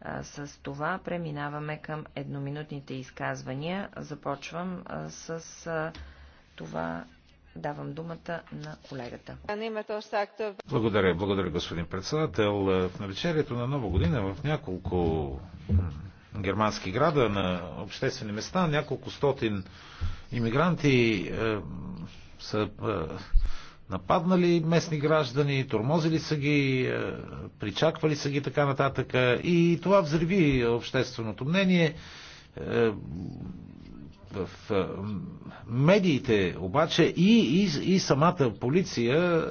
А, с това преминаваме към едноминутните изказвания. Започвам а, с а, това. Давам думата на колегата. Благодаря, благодаря, господин председател. В навечерието на Нова година в няколко германски града, на обществени места, няколко стотин иммигранти е, са е, нападнали местни граждани, тормозили са ги, е, причаквали са ги така нататък. И това взриви общественото мнение. Е, в е, медиите обаче и, и, и самата полиция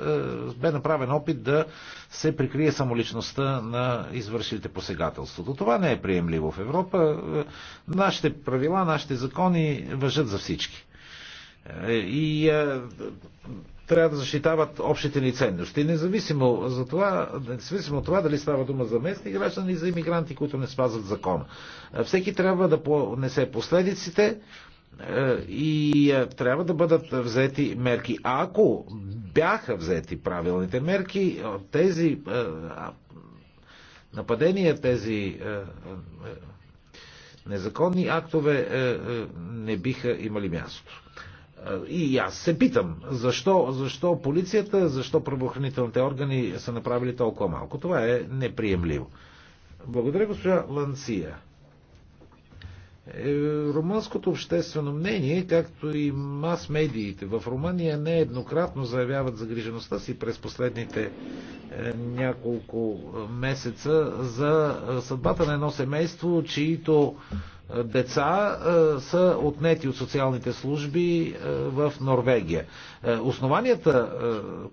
бе направен опит да се прикрие самоличността на извършилите посегателството. Това не е приемливо в Европа. Нашите правила, нашите закони въжат за всички. И трябва да защитават общите ни ценности. Независимо, за това, независимо от това дали става дума за местни граждани и за иммигранти, които не спазват закона. Всеки трябва да понесе последиците е, и е, трябва да бъдат взети мерки. А ако бяха взети правилните мерки, е, тези нападения, тези незаконни актове не биха имали място. И аз се питам, защо, защо полицията, защо правоохранителните органи са направили толкова малко. Това е неприемливо. Благодаря, госпожа Ланция. Е, румънското обществено мнение, както и мас-медиите в Румъния нееднократно заявяват загрижеността си през последните е, няколко месеца за е, съдбата на едно семейство, чието деца е, са отнети от социалните служби е, в Норвегия. Е, основанията,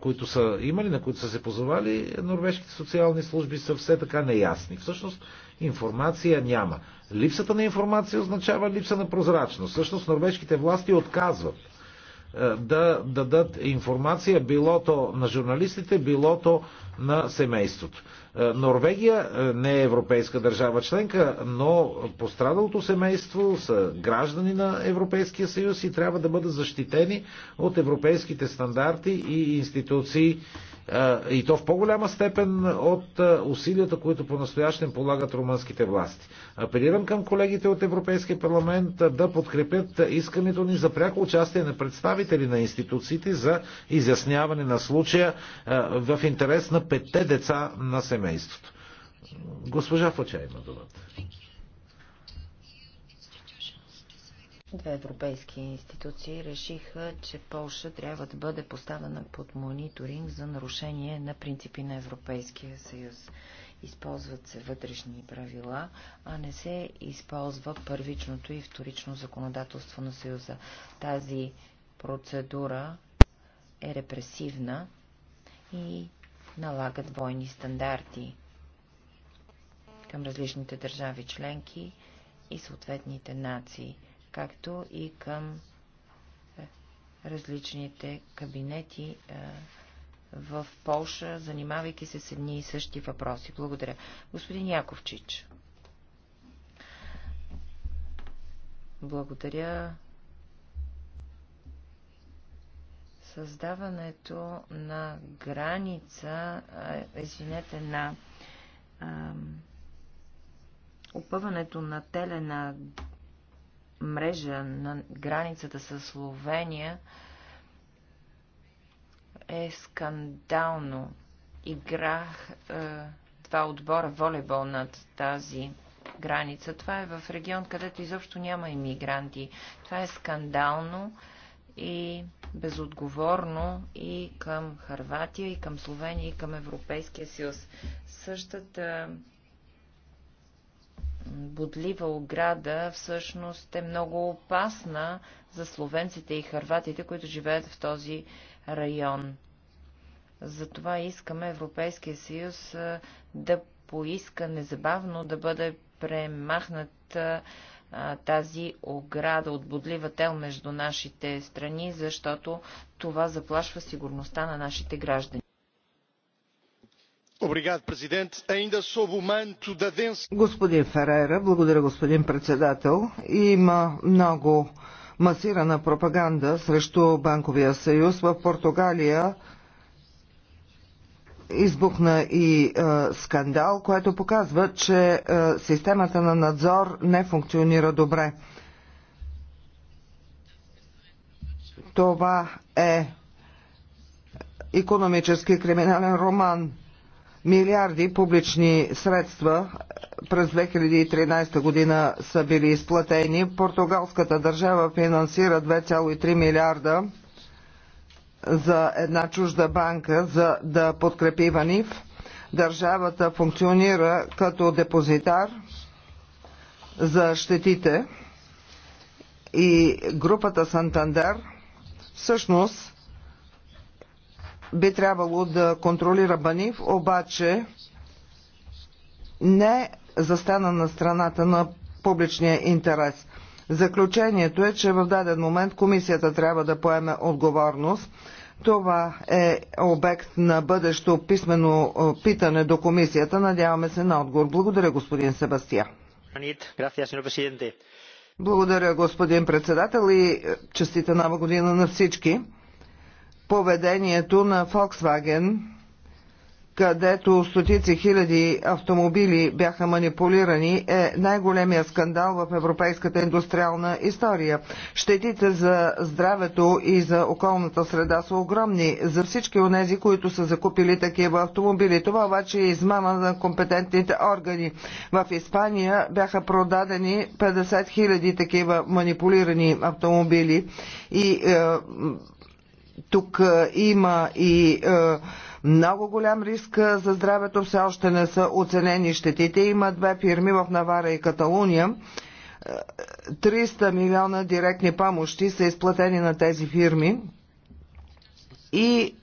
които са имали, на които са се позовали, норвежките социални служби са все така неясни. Всъщност информация няма. Липсата на информация означава липса на прозрачност. Всъщност норвежките власти отказват е, да дадат информация, било то на журналистите, било то на семейството. Е, Норвегия е, не е европейска държава членка, но пострадалото семейство са граждани на Европейския съюз и трябва да бъдат защитени от европейските стандарти и институции и то в по-голяма степен от усилията, които по-настоящен полагат румънските власти. Апелирам към колегите от Европейския парламент да подкрепят искането ни за пряко участие на представители на институциите за изясняване на случая в интерес на петте деца на семейството. Госпожа Фоча има думата. Две европейски институции решиха, че Полша трябва да бъде поставена под мониторинг за нарушение на принципи на Европейския съюз. Използват се вътрешни правила, а не се използва първичното и вторично законодателство на съюза. Тази процедура е репресивна и налага двойни стандарти към различните държави членки и съответните нации – както и към е, различните кабинети е, в Полша, занимавайки се с едни и същи въпроси. Благодаря. Господин Яковчич. Благодаря. Създаването на граница, е, извинете, на опъването на телена мрежа на границата с Словения е скандално. Играх е, два отбора волейбол над тази граница. Това е в регион, където изобщо няма иммигранти. Това е скандално и безотговорно и към Харватия, и към Словения, и към Европейския съюз. Същата бодлива ограда всъщност е много опасна за словенците и харватите, които живеят в този район. Затова искаме Европейския съюз да поиска незабавно да бъде премахнат тази ограда от бодлива тел между нашите страни, защото това заплашва сигурността на нашите граждани. Господин Ферера, благодаря господин председател. Има много масирана пропаганда срещу Банковия съюз. В Португалия избухна и е, скандал, което показва, че е, системата на надзор не функционира добре. Това е економически криминален роман милиарди публични средства през 2013 година са били изплатени. Португалската държава финансира 2,3 милиарда за една чужда банка, за да подкрепи Ванив. Държавата функционира като депозитар за щетите и групата Сантандер всъщност би трябвало да контролира Банив, обаче не застана на страната на публичния интерес. Заключението е, че в даден момент комисията трябва да поеме отговорност. Това е обект на бъдещо писмено е, питане до комисията. Надяваме се на отговор. Благодаря, господин Себастия. Благодаря, господин председател и е, честита нова година на всички поведението на Volkswagen, където стотици хиляди автомобили бяха манипулирани, е най-големия скандал в европейската индустриална история. Щетите за здравето и за околната среда са огромни за всички тези, които са закупили такива автомобили. Това обаче е измама на компетентните органи. В Испания бяха продадени 50 хиляди такива манипулирани автомобили и е, тук е, има и е, много голям риск е, за здравето. Все още не са оценени щетите. Има две фирми в Навара и Каталуния. 300 милиона директни помощи са изплатени на тези фирми. И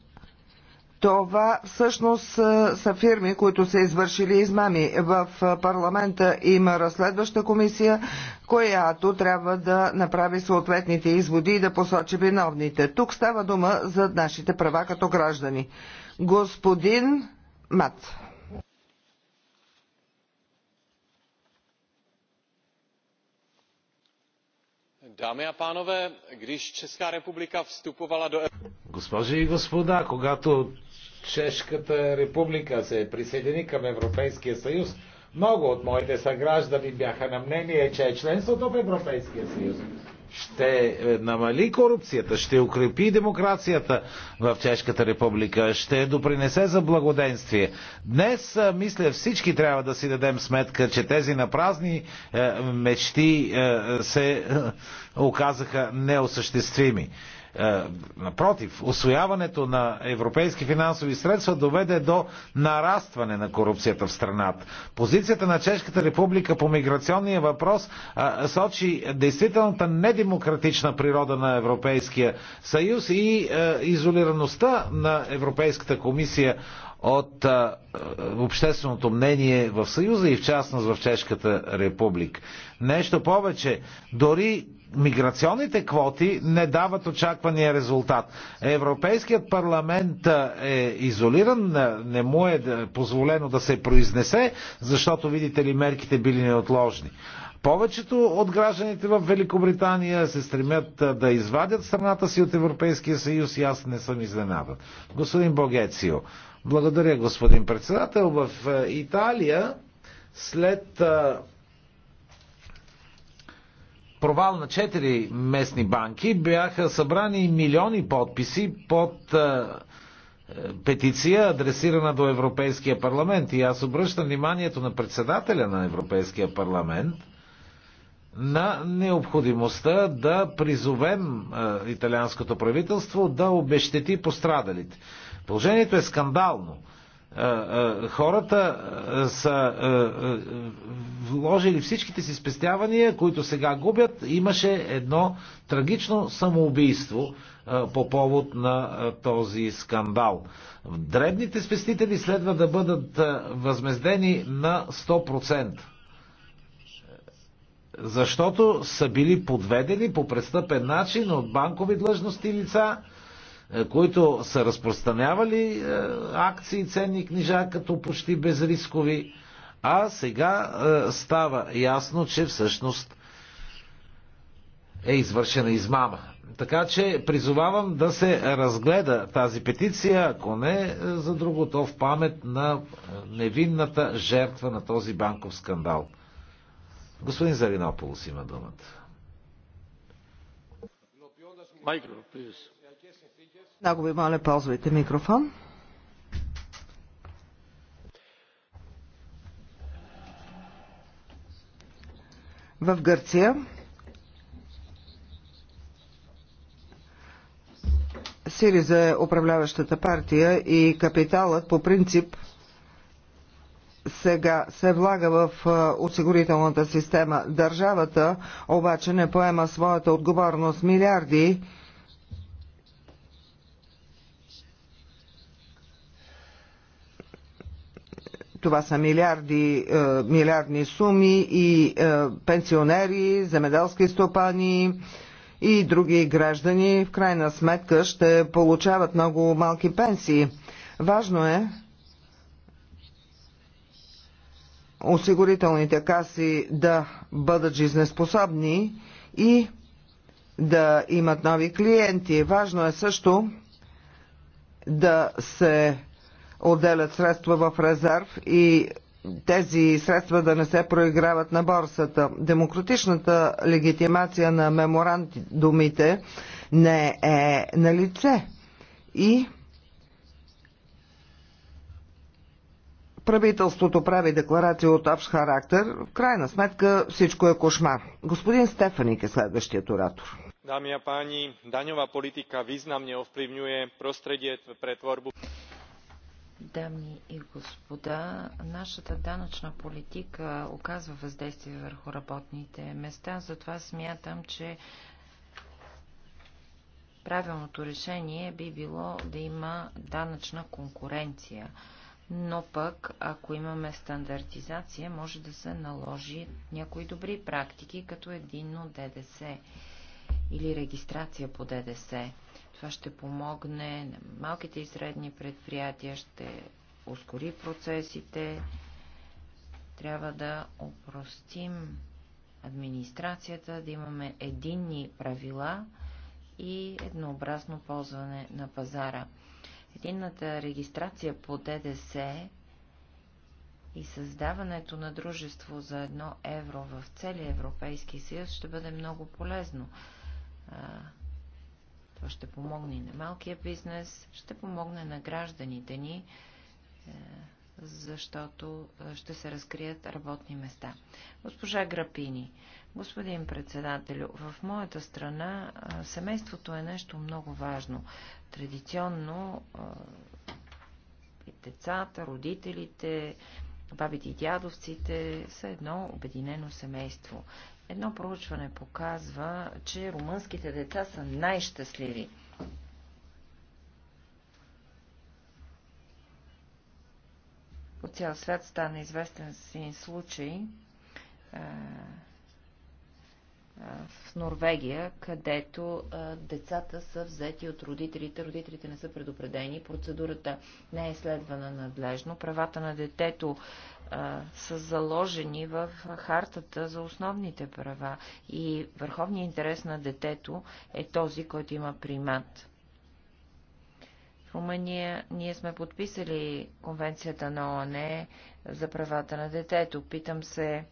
това всъщност е, са фирми, които са извършили измами. В е, парламента има разследваща комисия, която трябва да направи съответните изводи и да посочи виновните. Тук става дума за нашите права като граждани. Господин Мат. Дами и панове, když Česká република вступувала до... Госпожи и господа, когато Чешката република се присъедини към Европейския съюз, много от моите съграждани бяха на мнение, че членството в Европейския съюз ще е, намали корупцията, ще укрепи демокрацията в Чешката република, ще допринесе за благоденствие. Днес, е, мисля, всички трябва да си дадем сметка, че тези напразни е, мечти се оказаха неосъществими. Е, напротив, освояването на европейски финансови средства доведе до нарастване на корупцията в страната. Позицията на Чешката република по миграционния въпрос сочи действителната недемократична природа на Европейския съюз и е, изолираността на Европейската комисия от а, е, общественото мнение в Съюза и в частност в Чешката република. Нещо повече, дори миграционните квоти не дават очаквания резултат. Европейският парламент е изолиран, не му е позволено да се произнесе, защото, видите ли, мерките били неотложни. Повечето от гражданите в Великобритания се стремят да извадят страната си от Европейския съюз и аз не съм изненадан. Господин Богецио, благодаря господин председател. В Италия след провал на четири местни банки бяха събрани милиони подписи под е, е, петиция, адресирана до Европейския парламент. И аз обръщам вниманието на председателя на Европейския парламент на необходимостта да призовем е, италианското правителство да обещети пострадалите. Положението е скандално хората са вложили всичките си спестявания, които сега губят. Имаше едно трагично самоубийство по повод на този скандал. Дребните спестители следва да бъдат възмездени на 100%. Защото са били подведени по престъпен начин от банкови длъжности лица, е, които са разпространявали е, акции, ценни книжа като почти безрискови, а сега е, става ясно, че всъщност е извършена измама. Така че призовавам да се разгледа тази петиция, ако не за друго, то в памет на невинната жертва на този банков скандал. Господин Заринополос има думата. Майкро, please. Много ви моля, ползвайте микрофон. В Гърция Сириза е управляващата партия и капиталът по принцип сега се влага в осигурителната система. Държавата обаче не поема своята отговорност. Милиарди това са милиарди, е, милиардни суми и е, пенсионери, земеделски стопани и други граждани в крайна сметка ще получават много малки пенсии. Важно е осигурителните каси да бъдат жизнеспособни и да имат нови клиенти. Важно е също да се отделят средства в резерв и тези средства да не се проиграват на борсата. Демократичната легитимация на меморандумите не е на лице и правителството прави декларация от общ характер. В крайна сметка всичко е кошмар. Господин Стефаник е следващият оратор. Дами и пани, данева политика významne ovplyvňuje prostredie pre tvorbu... Дами и господа, нашата данъчна политика оказва въздействие върху работните места, затова смятам, че правилното решение би било да има данъчна конкуренция. Но пък, ако имаме стандартизация, може да се наложи някои добри практики, като единно ДДС или регистрация по ДДС. Това ще помогне на малките и средни предприятия, ще ускори процесите. Трябва да опростим администрацията, да имаме единни правила и еднообразно ползване на пазара. Единната регистрация по ДДС и създаването на дружество за едно евро в целия Европейски съюз ще бъде много полезно. Това ще помогне и на малкия бизнес, ще помогне на гражданите ни, е, защото е, ще се разкрият работни места. Госпожа Грапини, господин председателю, в моята страна е, семейството е нещо много важно. Традиционно децата, родителите, бабите и дядовците са едно обединено семейство. Едно проучване показва, че румънските деца са най-щастливи. По цял свят стана известен си случай, е, в Норвегия, където децата са взети от родителите, родителите не са предупредени, процедурата не е следвана надлежно, правата на детето са заложени в хартата за основните права и върховният интерес на детето е този, който има примат. В Румъния ние сме подписали конвенцията на ОНЕ за правата на детето. Питам се,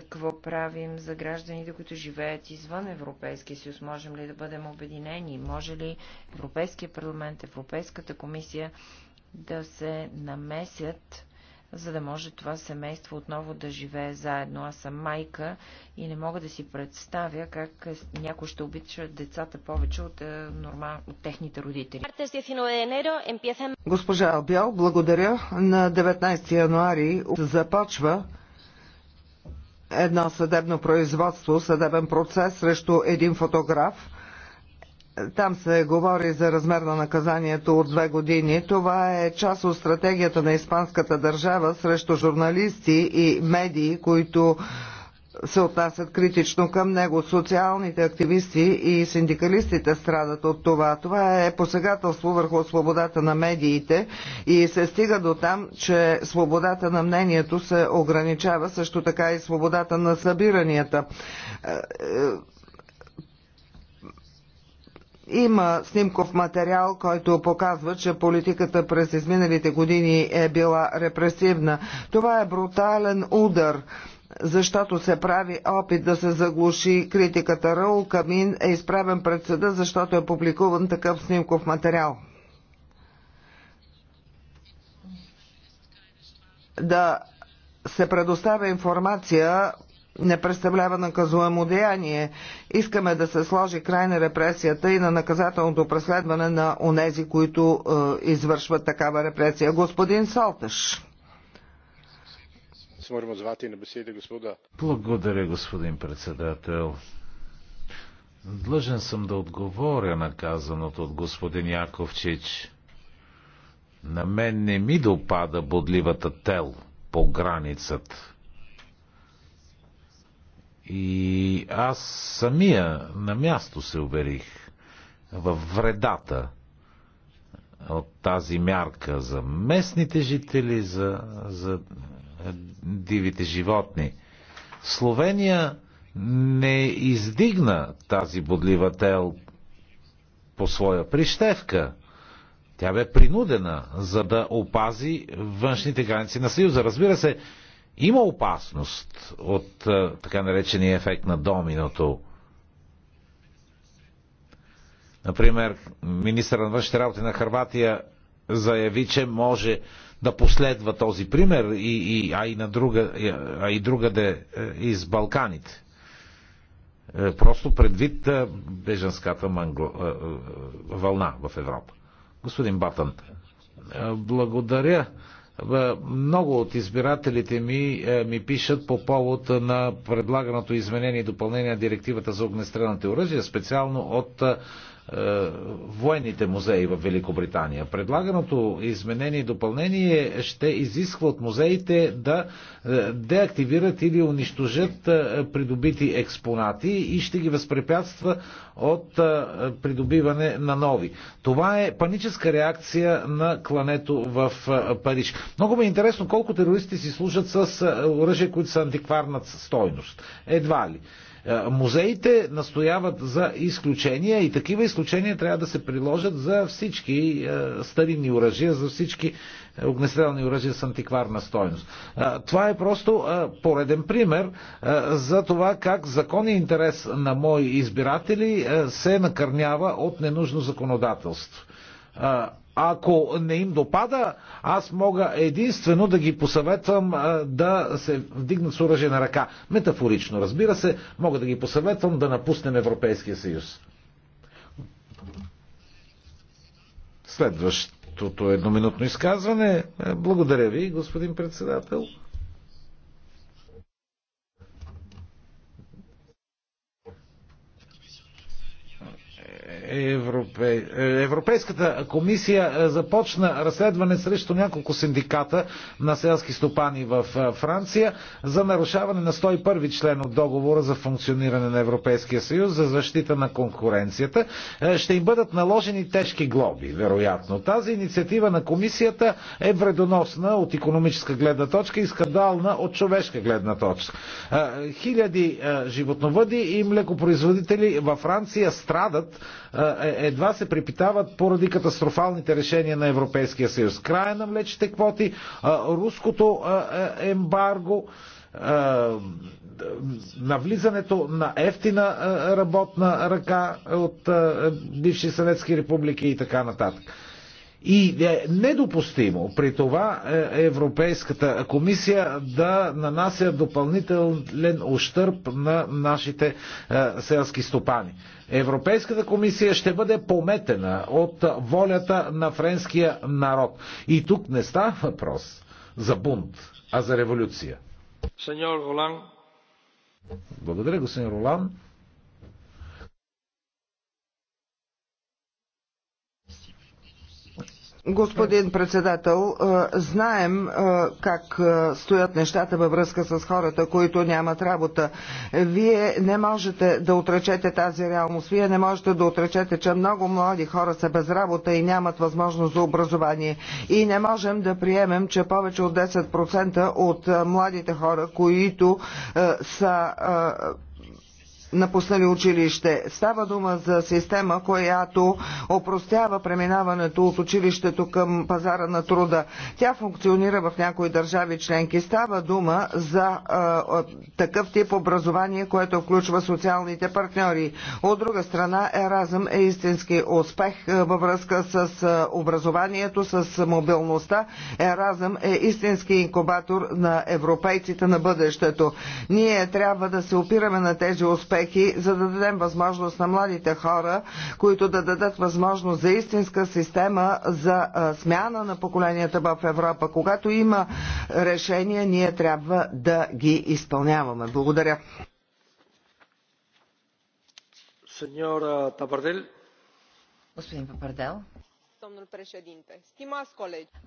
какво правим за гражданите, които живеят извън Европейския съюз. Можем ли да бъдем обединени? Може ли Европейския парламент, Европейската комисия да се намесят, за да може това семейство отново да живее заедно. Аз съм майка и не мога да си представя как някой ще обича децата повече от, е, норма, от техните родители. Госпожа Албял, благодаря. На 19 януари започва едно съдебно производство, съдебен процес срещу един фотограф. Там се говори за размер на наказанието от две години. Това е част от стратегията на испанската държава срещу журналисти и медии, които се отнасят критично към него. Социалните активисти и синдикалистите страдат от това. Това е посегателство върху свободата на медиите и се стига до там, че свободата на мнението се ограничава, също така и свободата на събиранията. Има снимков материал, който показва, че политиката през изминалите години е била репресивна. Това е брутален удар защото се прави опит да се заглуши критиката. Раул Камин е изправен пред съда, защото е публикуван такъв снимков материал. Да се предоставя информация не представлява наказуемо деяние. Искаме да се сложи край на репресията и на наказателното преследване на онези, които е, извършват такава репресия. Господин Солтеш. Се можем на беседа господа. Благодаря, господин председател. Длъжен съм да отговоря на казаното от господин Яковчич. На мен не ми допада бодливата тел по границата. И аз самия на място се уверих във вредата от тази мярка за местните жители, за, за дивите животни. Словения не издигна тази бодлива тел по своя прищевка. Тя бе принудена, за да опази външните граници на Съюза. Разбира се, има опасност от е, така наречения ефект на доминото. Например, министър на външните работи на Харватия заяви, че може да последва този пример, и, и, а и на друга, а и другаде е, из Балканите. Е, просто предвид е, беженската мангло, вълна в Европа. Господин Батън, благодаря. Много от избирателите ми ми пишат по повод на предлаганото изменение и допълнение на директивата за огнестрелните оръжия, специално от е, военните музеи в Великобритания. Предлаганото изменение и допълнение ще изисква от музеите да е, деактивират или унищожат е, придобити експонати и ще ги възпрепятства от придобиване на нови. Това е паническа реакция на клането в Париж. Много ми е интересно колко терористи си служат с оръжие, които са антикварна стойност. Едва ли. Музеите настояват за изключения и такива изключения изключения трябва да се приложат за всички е, старинни оръжия, за всички е, огнестрелни оръжия с антикварна стойност. Това е просто е, пореден пример за това как законния интерес на мои избиратели се накърнява от ненужно законодателство. Ако не им допада, аз мога единствено да ги посъветвам да се вдигнат с оръжие на ръка. Метафорично, разбира се, мога да ги посъветвам да напуснем Европейския съюз. Следващото едноминутно изказване. Благодаря ви, господин председател. Европе... Европейската комисия е, започна разследване срещу няколко синдиката на селски стопани в е, Франция за нарушаване на 101 член от договора за функциониране на Европейския съюз за защита на конкуренцията. Е, ще им бъдат наложени тежки глоби, вероятно. Тази инициатива на комисията е вредоносна от економическа гледна точка и скандална от човешка гледна точка. Хиляди животновъди и млекопроизводители във Франция страдат е, е, едва се препитават поради катастрофалните решения на Европейския съюз. Края на млечите квоти, е, руското ембарго, навлизането на ефтина работна ръка от бивши съветски републики и така нататък. И е недопустимо при това е, Европейската комисия да нанася допълнителен ущърп на нашите е, селски стопани. Европейската комисия ще бъде пометена от волята на френския народ. И тук не става въпрос за бунт, а за революция. Благодаря, господин Ролан. Господин председател, е, знаем е, как е, стоят нещата във връзка с хората, които нямат работа. Вие не можете да отречете тази реалност. Вие не можете да отречете, че много млади хора са без работа и нямат възможност за образование. И не можем да приемем, че повече от 10% от младите хора, които са напуснали училище. Става дума за система, която опростява преминаването от училището към пазара на труда. Тя функционира в някои държави членки. Става дума за а, а, такъв тип образование, което включва социалните партньори. От друга страна, Еразъм е истински успех във връзка с образованието, с мобилността. Еразъм е истински инкубатор на европейците на бъдещето. Ние трябва да се опираме на тези успехи успехи, за да дадем възможност на младите хора, които да дадат възможност за истинска система за смяна на поколенията в Европа. Когато има решения, ние трябва да ги изпълняваме. Благодаря. Господин Папардел.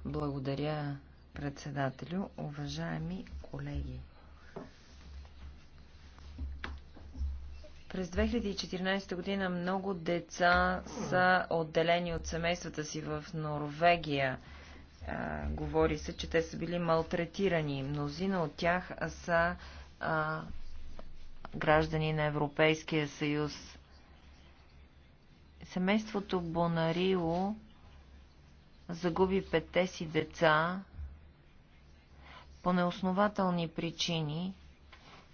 Благодаря, председателю. Уважаеми колеги. През 2014 година много деца са отделени от семействата си в Норвегия. А, е, говори се, че те са били малтретирани. Мнозина от тях са а, граждани на Европейския съюз. Семейството Бонарио загуби петте си деца по неоснователни причини –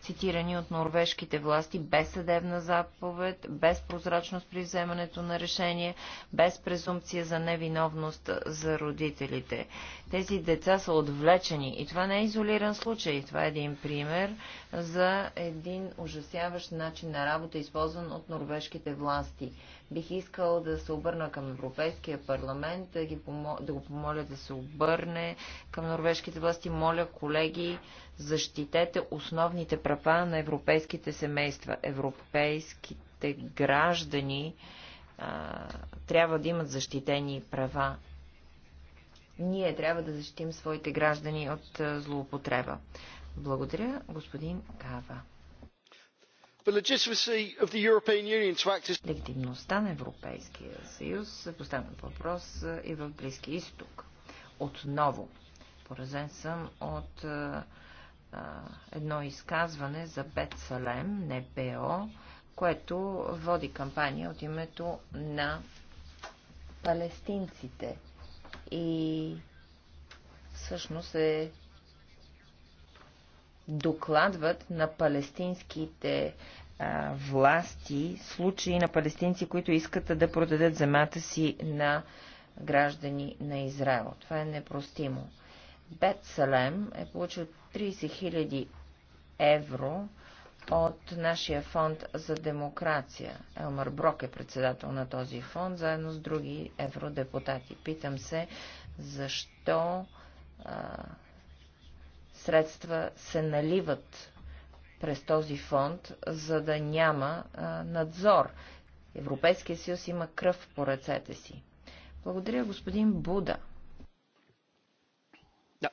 цитирани от норвежките власти без съдебна заповед, без прозрачност при вземането на решение, без презумпция за невиновност за родителите. Тези деца са отвлечени и това не е изолиран случай. Това е един пример за един ужасяващ начин на работа, използван от норвежките власти. Бих искал да се обърна към Европейския парламент, да, ги помо... да го помоля да се обърне към норвежките власти. Моля, колеги, защитете основните права на европейските семейства. Европейските граждани а, трябва да имат защитени права. Ние трябва да защитим своите граждани от злоупотреба. Благодаря, господин Кава. Легитимността на Европейския съюз е поставен въпрос е, и в Близки изток. Отново. Поразен съм от а, е, е, едно изказване за Бет Салем, не БО, което води кампания от името на палестинците. И всъщност е докладват на палестинските а, власти случаи на палестинци, които искат да продадат земята си на граждани на Израел. Това е непростимо. Бет Салем е получил 30 000 евро от нашия фонд за демокрация. Елмар Брок е председател на този фонд, заедно с други евродепутати. Питам се, защо а, средства се наливат през този фонд, за да няма а, надзор. Европейския съюз има кръв по ръцете си. Благодаря, господин Буда. Да,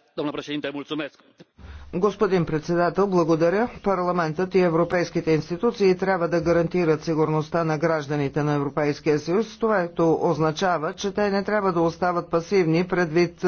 Господин председател, благодаря. Парламентът и европейските институции трябва да гарантират сигурността на гражданите на Европейския съюз. Това означава, че те не трябва да остават пасивни предвид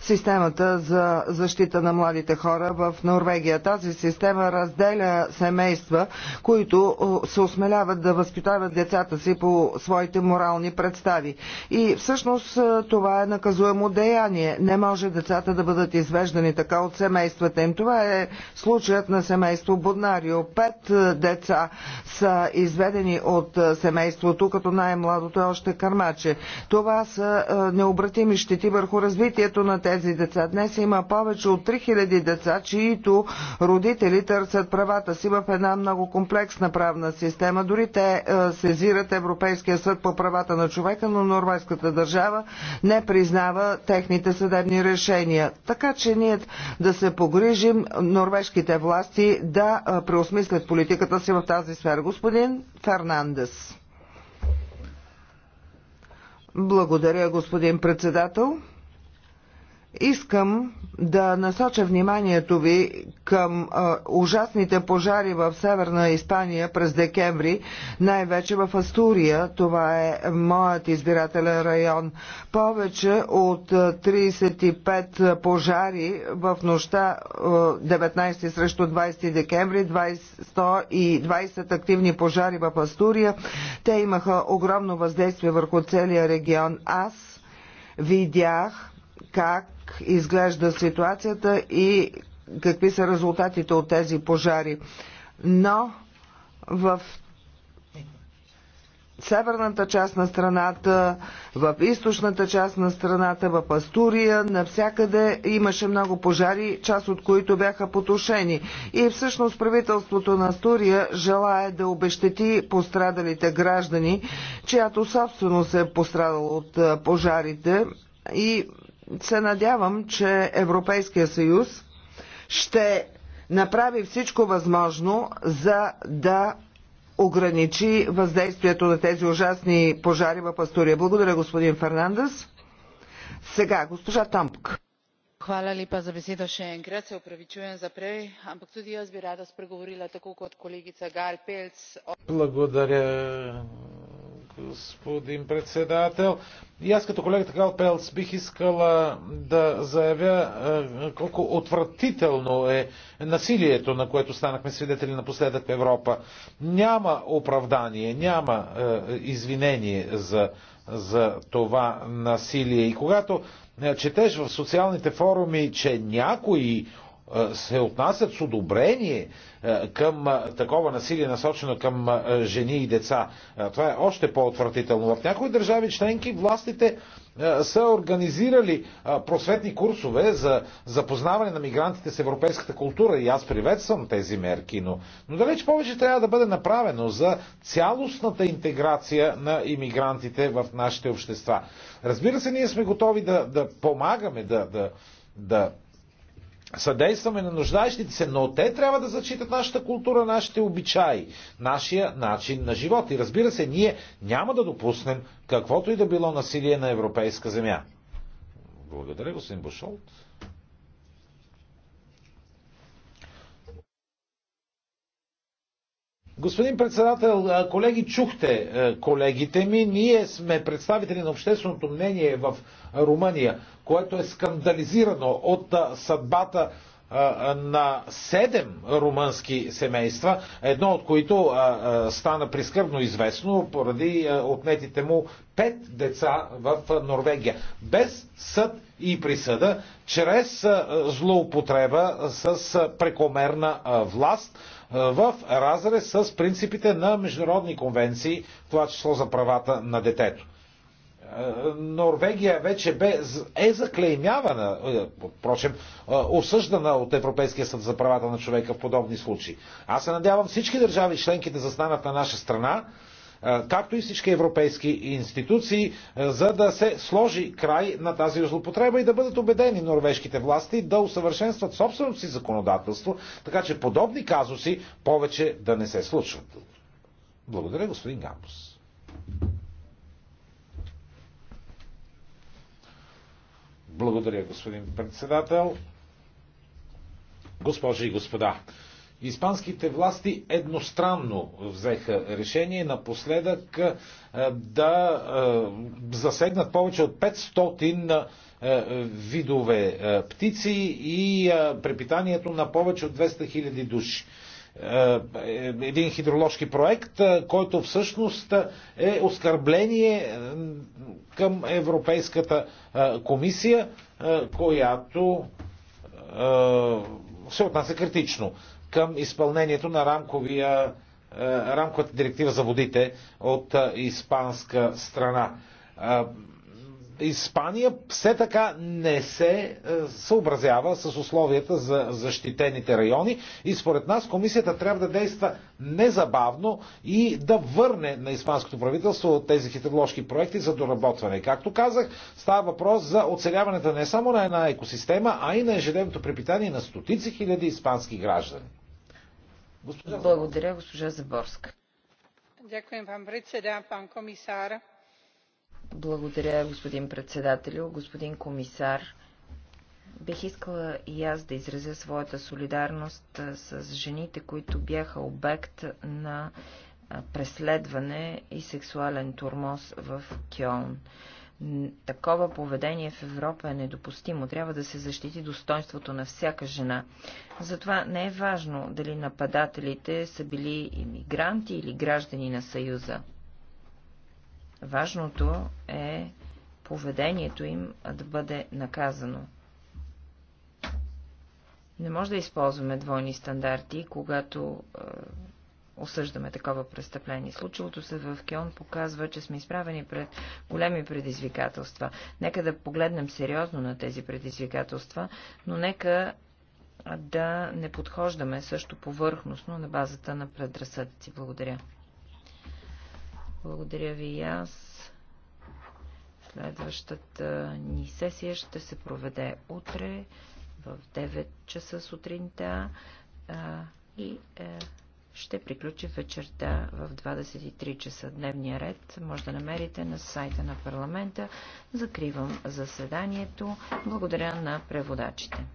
системата за защита на младите хора в Норвегия. Тази система разделя семейства, които се осмеляват да възпитават децата си по своите морални представи. И всъщност е, това е наказуемо деяние. Не може децата да бъдат извеждани така от семействата им. Това е случаят на семейство Боднарио. Пет е, деца са изведени от е, семейството, като най-младото е още кармаче. Това са необратими щети върху развитието на тези деца. Днес има повече от 3000 деца, чието родители търсят правата си в една много комплексна правна система. Дори те е, сезират Европейския съд по правата на човека, но норвежската държава не признава техните съдебни решения. Така че ние да се погрижим норвежките власти да е, преосмислят политиката си в тази сфера. Господин Фернандес. Благодаря, господин председател. Искам да насоча вниманието ви към а, ужасните пожари в Северна Испания през декември, най-вече в Астурия. Това е моят избирателен район. Повече от 35 пожари в нощта 19 срещу 20 декември, 20, 120 активни пожари в Астурия. Те имаха огромно въздействие върху целия регион. Аз видях как изглежда ситуацията и какви са резултатите от тези пожари. Но в северната част на страната, в източната част на страната, в Астурия, навсякъде имаше много пожари, част от които бяха потушени. И всъщност правителството на Астурия желая да обещети пострадалите граждани, чиято собственост е пострадала от пожарите и се надявам, че Европейския съюз ще направи всичко възможно за да ограничи въздействието на тези ужасни пожари в Пастория. Благодаря, господин Фернандес. Сега, госпожа Тампк. Hvala lepa за besedo ще enkrat, se opravičujem za prej, ampak tudi jaz bi rada spregovorila tako kot колегица Gal Пелц. Благодаря, господин председател. И аз като колегата Галпелц бих искала да заявя е, колко отвратително е насилието, на което станахме свидетели напоследък в Европа. Няма оправдание, няма е, извинение за, за това насилие. И когато е, четеш в социалните форуми, че някои се отнасят с одобрение към такова насилие, насочено към жени и деца. Това е още по-отвратително. В някои държави членки властите са организирали просветни курсове за запознаване на мигрантите с европейската култура и аз приветствам тези мерки, но, но далеч повече трябва да бъде направено за цялостната интеграция на иммигрантите в нашите общества. Разбира се, ние сме готови да, да помагаме, да, да, да съдействаме на нуждаещите се, но те трябва да зачитат нашата култура, нашите обичаи, нашия начин на живот. И разбира се, ние няма да допуснем каквото и да било насилие на европейска земя. Благодаря, господин Бошолт. Господин председател, колеги, чухте колегите ми. Ние сме представители на общественото мнение в Румъния, което е скандализирано от съдбата на седем румънски семейства, едно от които стана прискърбно известно поради отнетите му пет деца в Норвегия. Без съд и присъда, чрез злоупотреба с прекомерна власт, в разрез с принципите на международни конвенции, това число за правата на детето. Норвегия вече бе, е заклеймявана, е, впрочем, е, осъждана от Европейския съд за правата на човека в подобни случаи. Аз се надявам всички държави членки да застанат на наша страна както и всички европейски институции, за да се сложи край на тази злопотреба и да бъдат убедени норвежките власти да усъвършенстват собственото си законодателство, така че подобни казуси повече да не се случват. Благодаря, господин Гамбус. Благодаря, господин председател. Госпожи и господа, Испанските власти едностранно взеха решение напоследък е, да е, засегнат повече от 500 е, видове птици и препитанието на повече от 200 000 души един хидроложки проект, който всъщност е оскърбление към Европейската комисия, която се отнася критично към изпълнението на рамковия, е, рамковата директива за водите от е, испанска страна. Е, Испания все така не се съобразява с условията за защитените райони и според нас комисията трябва да действа незабавно и да върне на испанското правителство тези хитроложки проекти за доработване. Както казах, става въпрос за оцеляването не само на една екосистема, а и на ежедневното препитание на стотици хиляди испански граждани. Госпожа... Благодаря, госпожа Заборска. Благодаря, господин председателю, господин комисар. Бих искала и аз да изразя своята солидарност с жените, които бяха обект на преследване и сексуален турмоз в Кьон. Такова поведение в Европа е недопустимо. Трябва да се защити достоинството на всяка жена. Затова не е важно дали нападателите са били иммигранти или граждани на Съюза. Важното е поведението им да бъде наказано. Не може да използваме двойни стандарти, когато осъждаме такова престъпление. Случилото се в Кьон показва, че сме изправени пред големи предизвикателства. Нека да погледнем сериозно на тези предизвикателства, но нека да не подхождаме също повърхностно на базата на предразсъдъци. Благодаря. Благодаря ви и аз. Следващата ни сесия ще се проведе утре в 9 часа сутринта. и е, ще приключи вечерта в 23 часа дневния ред. Може да намерите на сайта на парламента. Закривам заседанието. Благодаря на преводачите.